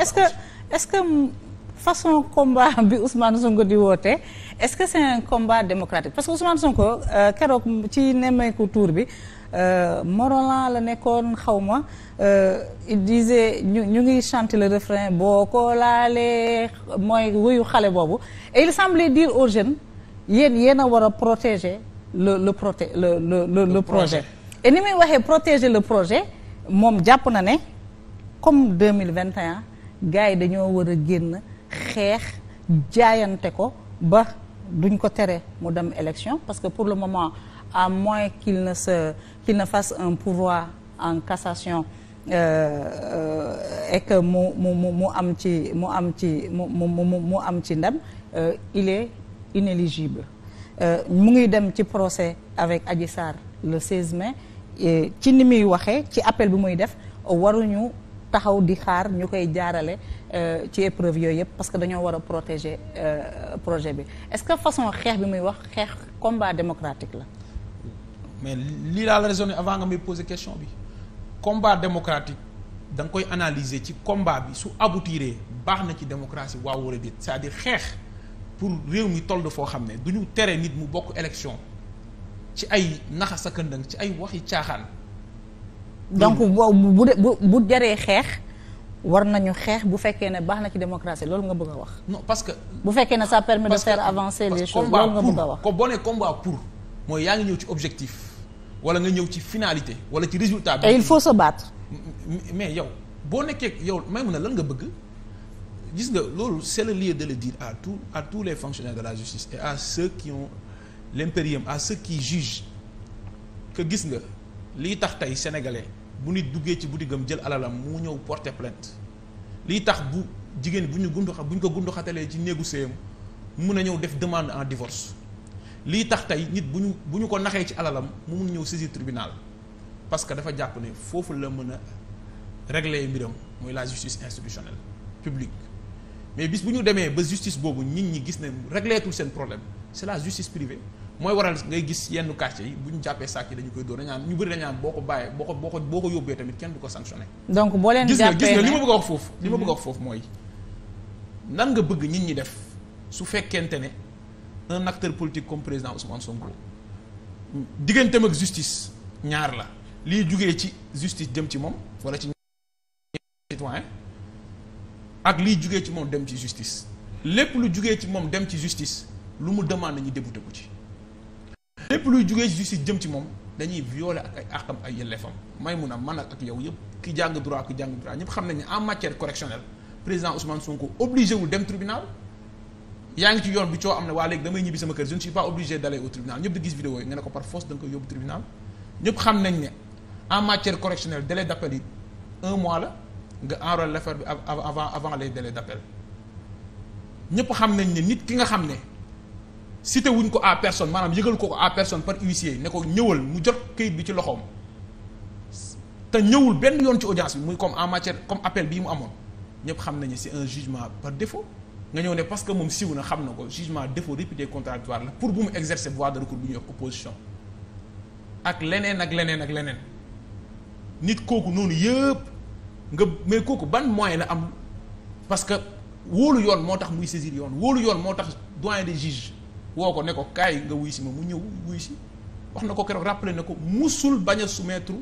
est-ce que est-ce que façon combat bi Ousmane Sonko di woote est-ce que c'est un combat démocratique parce que Ousmane Sonko euh, keroog ci nemmeeku tour bi euh, Morolan la nekkoon xawma ma euh, il disait ñu ñu ngi chanter le refrain boo ko laalee mooy wuyu xale boobu et il semblait dire aux yéen yéen a war a protéger le le proté le projet. et ni muy waxee protéger le projet moom jàpp na ne comme 2021 gars yi dañoo war a génn xeex jaayante ko ba duñ ko tere mu dem élection parce que pour le moment à moins qu'il ne se qu'il ne un pourvoi en cassation Euh, euh, et que mu mu mu am ci mu am ci mu am ci ndam euh, il est inéligible euh, mu ngi dem ci procès avec Adji Sarr le mais mai ci ni muy waxee ci appel bi muy def waruñu taxaw di xaar ñu koy jaarale euh, ci épreuve yooyu yëpp parce que dañoo war a protéger euh, projet bi est-ce que façon xeex bi muy wax xeex combat démocratique la mais lii laa la raisonné avant nga may poser question bi combat démocratique da nga koy analyser ci combat bi su aboutiree baax na ci démocratie waaw wala déet c'est-à-dire xeex pour réew mi toll foo xam ne du ñu tere nit mu bokk élection ci ay naxa sa këndëng ci ay waxi caaxaan donc hmm. bu de bu bu jaree xeex war nañu xeex bu fekkee ne baax na ci démocratie loolu nga bëgg a wax. non parce que. bu fekkee ne ça permet de faire avancer les choses loolu nga bëgg a wax. ko boo nee combat pour mooy yaa ngi ñëw ci objectif wala nga ñëw ci finalité wala ci résultat il faut se battre. mais yow boo nekkee yow may mun a lan nga bëgg gis nga loolu c'est le lieu de le dire à tout à tous les fonctionnaires de la justice et à ceux qui ont l'impérium à ceux qui jugent que gis nga. lii tax tey sénégalais bu nit duggee ci butigam jël alalam mu ñëw porter plainte lii tax bu jigéen bu ñu gundu bu ko gundu xatalee ci néegu séyam mun a ñëw def demande en divorce lii tax tey nit bu ñu bu ñu ko naxee ci alalam mu mun ñëw saisir tribunal parce que dafa jàpp ne foofu la mën a régler mbiram mooy la justice institutionnelle publique mais bis bu ñu demee ba justice boobu nit ñi gis ne régleetul seen problème c'est la justice privée mooy waral ngay gis yenn quartier yi bu ñu jàppee sàcc yi dañu koy dóor dañaan ñu bëri dañaan boo ko bàyyee boo ko boo ko boo ko yóbbee tamit kenn du ko sanctionné donc boo leen jàppee gis li ma bëgg a wax foofu li ma bëgg a wax mm-hmm. foofu mooy nan nga bëgg nit ñi def su fekkente ne un acteur politique comme président Ousmane Sonko digganteem ak justice ñaar la lii jugee ci justice jëm ci moom wala ci ak lii jugee ci moom dem ci justice lépp lu jugee ci moom dem ci justice lu mu demande ñu débuté ko ci lépp luy jugee justice jëm ci moom dañuy violer ak ay ay yelleefam may mun a man ak yow yëpp ki jàng droit ki jàng droit ñëpp xam nañ ne en matière correctionnelle président Ousmane Sonko obligé wul dem tribunal yaa ngi ci yoon bi coo am ne waa léegi damay ñibbi sama kër je ne suis pas obligé d'aller au tribunal ñëpp di gis vidéo yi nga ne ko par force da koy yóbbu tribunal ñëpp xam nañ ne en matière correctionnelle délai d'appel yi un mois la nga enrôler l'affaire bi avant avant les délais d'appel ñëpp xam nañ ne nit ki nga xam ne cité wuñ ko à personne maanaam yëgal ko ko à personne par huissier ne ko ñëwal mu jot kayit bi ci loxoom te ñëwul benn yoon ci audience bi muy comme en matière comme appel bii mu amoon ñëpp xam nañu c'est un jugement par défaut nga ñëw ne parce que moom siw na xam na ko jugement défaut réputé contradictoire la pour bu mu exercer voie de recours bu ñuy opposition ak leneen ak leneen ak leneen nit kooku noonu yëpp nga mais kooku ban moyen la am parce que wóolu yoon moo tax muy saisir yoon wóolu yoon moo tax doyen des juges woo ko ne ko kaay nga wuy si ma mu ñëw wuy si wax na ko keroog rappelé na ko musul bañ a soumettre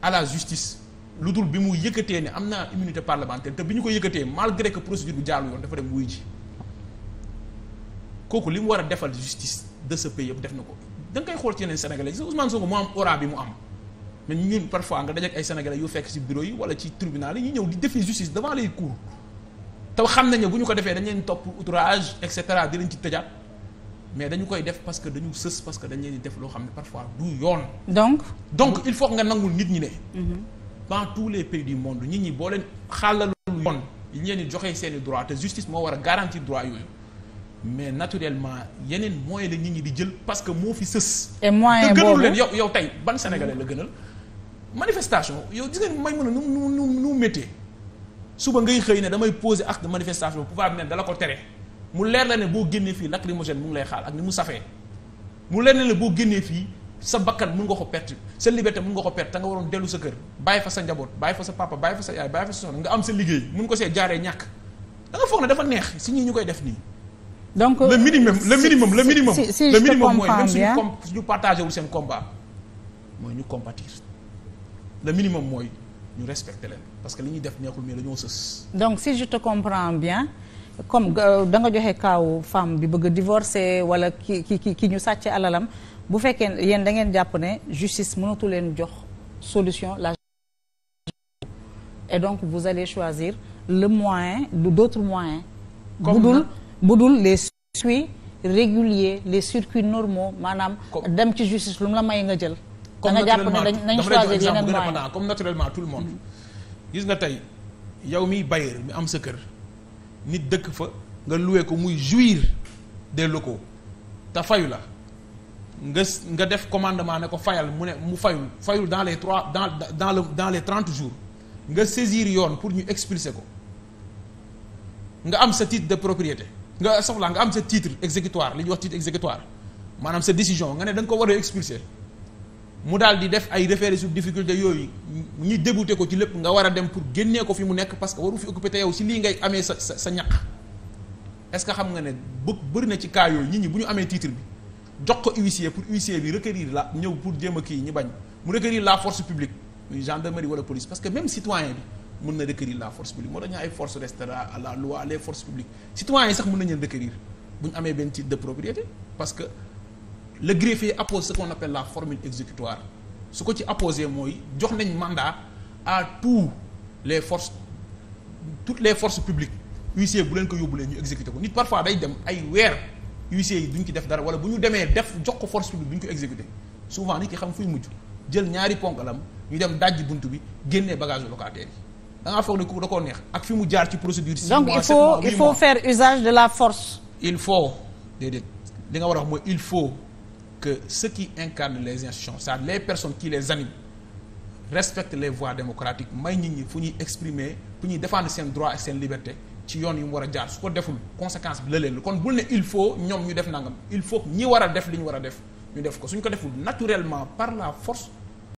à la justice lu dul bi mu yëkkatee ne am naa immunité parlementaire te bi ñu ko yëkkatee malgré que procédure bu jaarul yoon dafa dem wuy ji kooku li mu war a defal justice de ce pays yëpp def na ko da nga koy xool ci yeneen sénégalais gis Ousmane ko mu am aura bi mu am mais ñun parfois nga dajeek ay sénégalais yu fekk ci bureau yi wala ci tribunal yi ñu ñëw di défier justice devant te xam nañ bu ñu ko defee dañ topp outrage et cetera di leen ci tëjaat. mais dañu koy def parce que dañu sës parce que dañu leen di def loo xam ne parfois du yoon. donc il faut nga nangul nit ñi ne. Mm-hmm. dans tous les pays du monde nit ñi boo leen xàllalu yoon yi ñu di joxe seen i droit te justice moo war a garantir droit yooyu mais naturellement yeneen moyen la nit ñi di jël parce que moo fi sës. et moyen boobu te gënul leen yow yow tey ban sénégalais la gënal. manifestation yow gis ngeen may mën na nu nu nu nu méttee suba ngay xëy ne damay poser acte de manifestation pouvoir bi dala ko tere. mu leer la ne boo génnee fii lacrymogène mu ngi lay xaar ak mu safee mu leer na ne boo génnee mun nga ko perte sa liberté mu nga ko perte te nga waroon dellu sa kër bàyyi fa sa njaboot bàyyi fa sa papa bàyyi fa sa yaay bàyyi fa sa soxna nga am sa liggéey mun ko see jaaree ñàkk da foog ne dafa neex si ñii ñu koy def nii. donc le minimum le minimum le si si le minimum mooy même suñu com suñu partagé wul seen combat mooy ñu compatir le minimum mooy ñu respecté leen parce que li ñuy def neexul mais dañoo sës. donc si je te comprends bien. comme euh, da nga joxe kaaw femme bi bëgg a divorcer wala ki ki ki ki ñu sàcc alalam bu fekkee yéen da ngeen jàpp ne justice mënatu leen jox solution la et donc vous allez choisir le moyen d'autres moyens bu dul bu dul les circuits réguliers les circuits normaux maanaam dem ci justice lu mu la may nga jël da nga jàpp ne dañ nañ choisir yeneen moyen comme naturellement tout le monde mm-hmm. gis nga tey yow mi bailleur mi am sa kër nit dëkk fa nga loué ko muy jouir des ko te fayu la nga nga def commandement ne ko fayal mu ne mu fayul fayul dans les trois dans dans le dans trente jours nga saisir yoon pour ñu expulser ko nga am sa titre de propriété nga soxla nga am sa titre exécutoire li ñuy wax titre exécutoire maanaam sa décision nga ne da ko war a expulser mu daal di def ay référé sur difficulté yooyu ñi débouté ko ci lépp nga war a dem pour génnee ko fi mu nekk parce que waru fi occupé te yow si lii ngay amee sa sa sa ñaq est xam nga ne bë bëri na ci cas yooyu nit ñi bu ñu amee titre bi jox ko huissier pour huissier bi la ñëw pour jéem kii ñu bañ mu requérir la force publique muy gendarmerie wala police parce que citoyen bi mën na requérir la force publique moo tax ay force restera à la loi le greffier appose ce qu'on appelle la formule exécutoire su ko ci apposé mooy jox nañ mandat à tout les forces tout les forces publiques huissier bu leen ko yóbbulee ñu exécuté ko nit parfois day dem ay weer huissier yi def dara wala bu ñu demee def jox ko force publique duñ ko exécuté souvent nit ki xam fuy mujj jël ñaari ponkalam ñu dem dajji bunt bi génnee bagage locataire yi da ngaa foog ne koo neex ak fi mu jaar ci procédure. six mois donc il faut il faut faire usage de la force. il faut déedéet li nga war a wax mooy il faut. que ceux qui incarnent les institutions c'est-à-dire les personnes qui les animent respectent les voies démocratiques may nit ñi fu ñuy exprimer fu ñuy défendre seen droit ak seen liberté ci yoon yu mu war a jaar su ko deful conséquence bi la leen kon bul ne il faut ñoom ñu def nangam il faut ñi war a def li ñu war a def ñu def ko suñ ko deful naturellement par la force